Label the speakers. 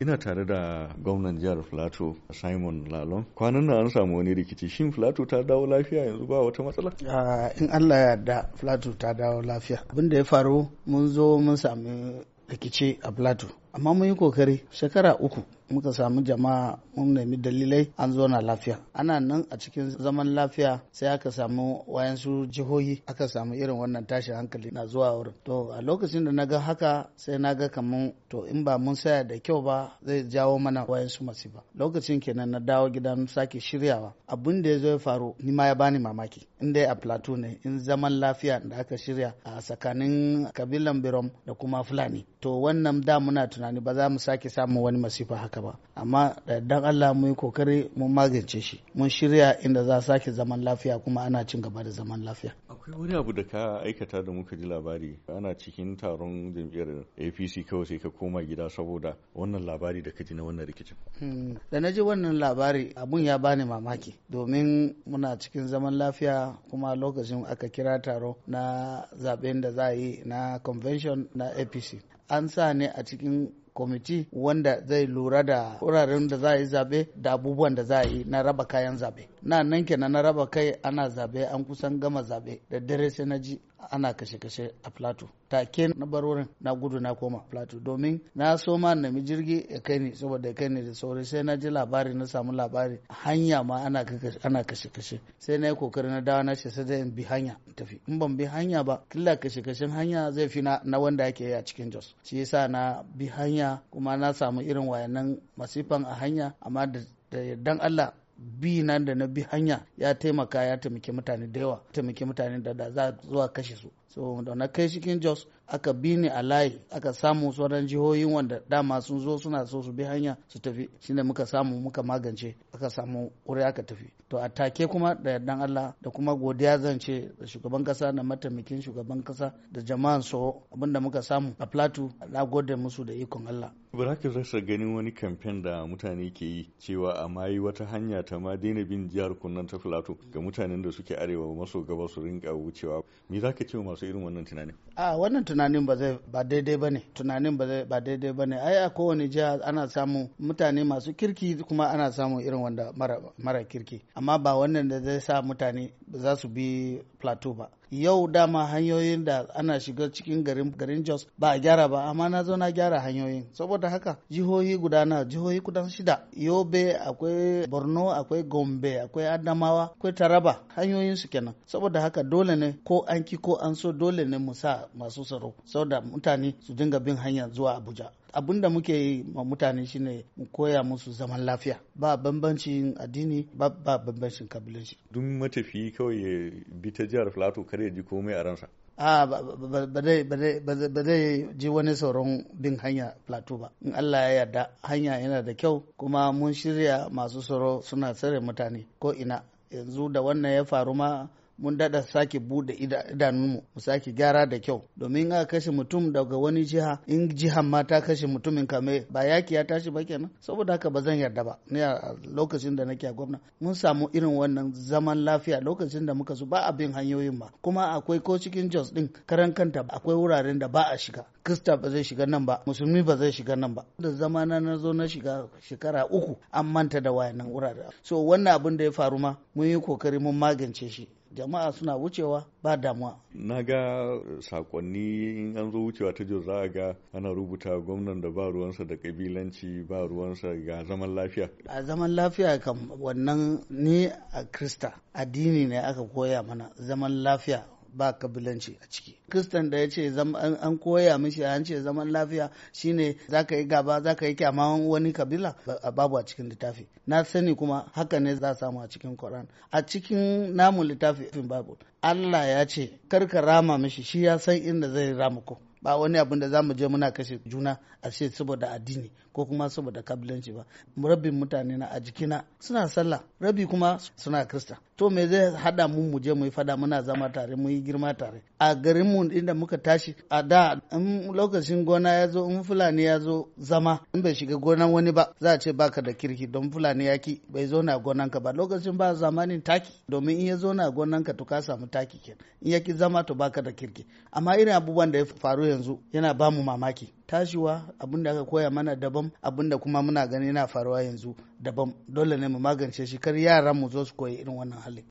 Speaker 1: ina tare da gwamnan jihar filato simon lalon kwanan nan an samu wani rikici shin filato ta dawo lafiya yanzu ba wata matsala
Speaker 2: ah, in allah ya da filato ta dawo lafiya abin da ya faru mun zo mun sami rikici a filato amma mun yi kokari shekara uku muka samu jama'a mun nemi dalilai an zo na lafiya ana nan a cikin zaman lafiya sai aka samu wayansu jihohi aka samu irin wannan tashin hankali na zuwa wurin to a lokacin da na ga haka sai na ga kaman to in ba mun saya da kyau ba zai jawo mana wayansu masifa lokacin kenan na dawo gidan sake shiryawa abin da ya zo ya faru ni ma ya bani mamaki in dai a plateau ne in zaman lafiya da aka shirya a tsakanin kabilan birom da kuma fulani to wannan da muna tunani ba za mu sake samun wani masifa haka ba amma dan Allah mu yi kokari mun magance shi mun shirya inda za sake zaman lafiya kuma ana cin gaba da zaman lafiya
Speaker 1: akwai wani abu da ka aikata da muka ji labari ana cikin taron jam'iyyar APC kawai sai ka koma gida saboda wannan labari da ka ji na wannan rikicin
Speaker 2: hmm, da na ji wannan labari abun ya bani mamaki domin muna cikin zaman lafiya kuma lokacin aka kira taro na zaben da za a yi na convention na APC an sa ne a cikin kwamiti wanda zai lura da wuraren da za a yi zaɓe da abubuwan da za a yi na raba kayan zaɓe. na nan kenan na raba kai ana zabe an kusan gama zabe da dare sai na ji ana kashe-kashe a plateau take na bar wurin na gudu na koma plateau domin na so ma nemi jirgi ya kai ni saboda ya kai ni da sauri sai na ji labari na samu labari hanya ma ana kashe-kashe sai na yi kokari na dawa na sai da bi hanya tafi in ban bi hanya ba killa kashe-kashen hanya zai fi na wanda ake yi a cikin jos shi yasa na bi hanya kuma na samu irin wayannan masifan a hanya amma da yardan Allah bi nan da na bi hanya ya taimaka ya taimaki mutane da yawa taimaki mutane da da za zuwa kashe su so da na kai cikin jos aka bi ni a layi aka samu sauran jihohin wanda dama sun zo suna so su bi hanya su tafi shine muka samu muka magance aka samu wuri aka tafi to a take kuma da yardan Allah da kuma godiya zan ce da shugaban kasa da mataimakin shugaban kasa da jama'an so abinda muka samu a plateau na gode musu da ikon Allah
Speaker 1: ibrahim rasha ganin wani kamfen da mutane ke yi cewa a mayi wata hanya ta ma daina bin jihar kunnan ta plateau ga mutanen da suke arewa maso gaba su rinka wucewa me zaka ce wasu irin wannan tunanin
Speaker 2: a wannan tunanin ba zai ba daidai ba ne tunanin ba zai ba daidai ba ne ai a kowane jiha ana samu mutane masu kirki kuma ana samu irin wanda mara, mara kirki amma ba wannan da zai sa mutane za su bi plateau ba yau dama hanyoyin da ana shiga cikin garin garin Jos ba a gyara ba amma na zo na gyara hanyoyin saboda haka jihohi guda na jihohi kudan shida Yobe akwai Borno akwai Gombe akwai Adamawa akwai Taraba hanyoyin su kenan saboda haka dole ne ko an ki ko an so dole ne mu sa masu tsaro saboda mutane su dinga bin hanya zuwa Abuja abin da muke yi ma mutane shine mu koya musu zaman lafiya ba bambancin addini ba bambancin kabilanci
Speaker 1: duk matafi kawai ya bi ta jihar Filato kar ya ji komai a ransa
Speaker 2: a ba zai ji wani sauran bin hanya plateau ba in
Speaker 1: allah ya yarda
Speaker 2: hanya yana da kyau kuma mun shirya masu tsoro suna tsare mutane ko ina yanzu da wannan ya faru ma mun dada sake bude idanunmu mu sake gyara da kyau domin a kashe mutum daga wani jiha in jihan ma ta kashe mutumin kame ba yaki ya tashi ba kenan saboda haka ba zan yarda ba ni lokacin da nake a gwamna mun samu irin wannan zaman lafiya lokacin da muka su ba a bin hanyoyin ba kuma akwai ko cikin jos din karan kanta akwai wuraren da ba a shiga krista ba zai shiga nan ba musulmi ba zai shiga nan ba da zamana na zo na shiga shekara uku an manta da wayannan wurare so wannan abin da ya faru ma mun yi kokari mun magance shi jama'a suna wucewa ba damuwa.
Speaker 1: Na ga sakonni in an zo wucewa ta Jos za a ga ana rubuta gwamnan da ba ruwansa da kabilanci ba ruwansa ga zaman lafiya.
Speaker 2: A zaman lafiya kam wannan ni a Krista addini ne aka koya mana zaman lafiya ba kabilanci a ciki kristan da ya ce an koya mishi an ce zaman lafiya shine za ka yi gaba za ka yi kyamawan wani kabila babu a cikin littafi na sani kuma haka ne za samu a cikin koran a cikin namu littafi babu allah ya ce karka rama mishi shi ya san inda zai rama ko ba wani abin da za mu je muna kashe juna a ce saboda addini ko kuma saboda kabilanci ba rabin mutane na a jikina suna sallah rabi kuma suna krista to me zai hada mu mu je mu yi fada muna zama tare mu yi girma tare a garin mu inda muka tashi a da in lokacin gona ya zo in fulani ya zo zama in bai shiga gonan wani ba za a ce baka da kirki don fulani ya ki bai zo na ka ba lokacin ba zamanin taki domin in ya zo na ka to ka samu taki kenan in ya ki zama to baka da kirki amma irin abubuwan da ya faru yanzu yana bamu mamaki tashiwa abin da aka koya mana daban abin da kuma muna gani na faruwa yanzu daban dole ne mu magance shi kar yaran mu zo su koyi irin wannan halin